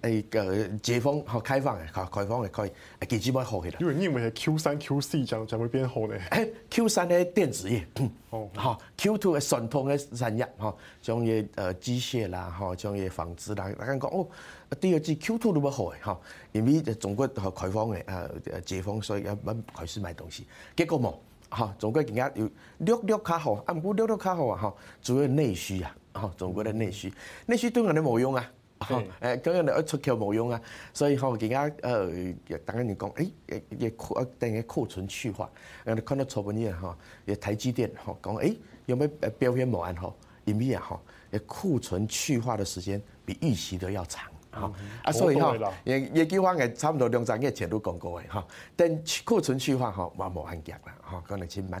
誒誒，解封好開放誒，好開放誒，可以誒，幾支筆好嘅。因為你認為係 Q 三、Q 四將將會變好呢。誒 Q 三咧電子業，哦，嚇，Q 二係傳統嘅產業，嚇，將啲呃機械啦，嚇，將啲房子啦，大家講哦，第二季 Q two 都唔好誒嚇，因為中國開放嘅誒解封，所以要開始賣東西，結果冇，嚇，中國而家有略略卡好，不過略略卡好啊，嚇，主要內需啊，嚇，中國嘅內需，內需對我哋冇用啊。嚇！誒，咁樣你一出口冇用啊，所以嚇、哎，而家誒，等間你講，誒，嘅庫，等嘅庫存去化，誒，你看到錯本啲啊嚇，台積電吼，講誒，有咩誒，表現無按嚇，因為啊吼，誒，庫存去化的時間比預期都要長。啊，啊，所以吼，嘢嘢幾話嘅差唔多兩三日前都講過嘅嚇，等庫存去化吼，話冇限極啦嚇，可能真慢。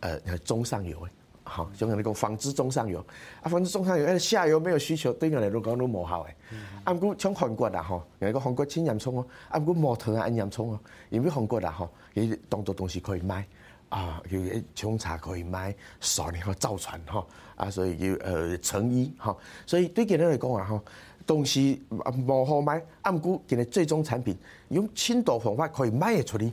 呃，係中上游嘅，嚇、嗯，所以講你紡織中上游，啊，紡織中上游，呃下游沒有需求，對我嚟講都無效嘅。咁唔故，像韓國啊，嚇，人個韓國青千葱充啊，咁唔故模特啊，一樣充啊，因為韓國啊，嚇，佢當做東西可以賣，啊，要搶茶可以賣，十年可造船，嚇，啊，所以叫呃成衣，嚇、啊呃啊，所以對佢哋來講啊，嚇，東西啊無好賣。啊唔過佢哋最終產品用千種方法可以賣得出嚟。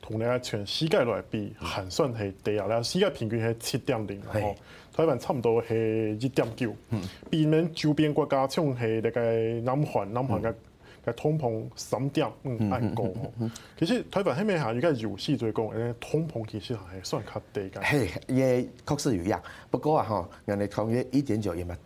同你喺全世界來比，還算係低啊！然後世界平均係七點零，台灣差唔多係一點九。嗯，比呢周邊國家充那大概南韓，南韓嘅嘅通膨三點五，嗯，嗯，矮過。其實台灣那邊行，如果如是再講，誒，通膨其實係算是較低㗎。係，耶，確實係㗎。不過啊，嚇，人哋講嘅一點九，又唔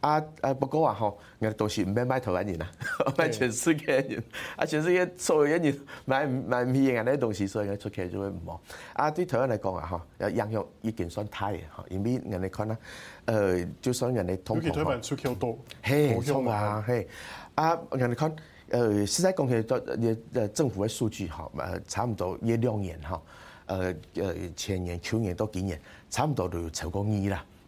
啊啊不過啊，呵，人哋到時唔俾買台灣人啊，買全世界人，啊全世界所有人買買咩嘢人哋東西，所以佢出去就會唔好。啊對台灣來講啊，嗬，養育已經算低嘅，嚇，因為人哋看啦。呃，就算人哋通，有幾多萬出口多？嘿，冇錯啊，嘿。啊，人哋看，呃，實際講起都，誒，政府嘅數據嚇，呃，差唔多一兩年，嚇，呃，呃，前年、去年到今年，差唔多都超過二啦。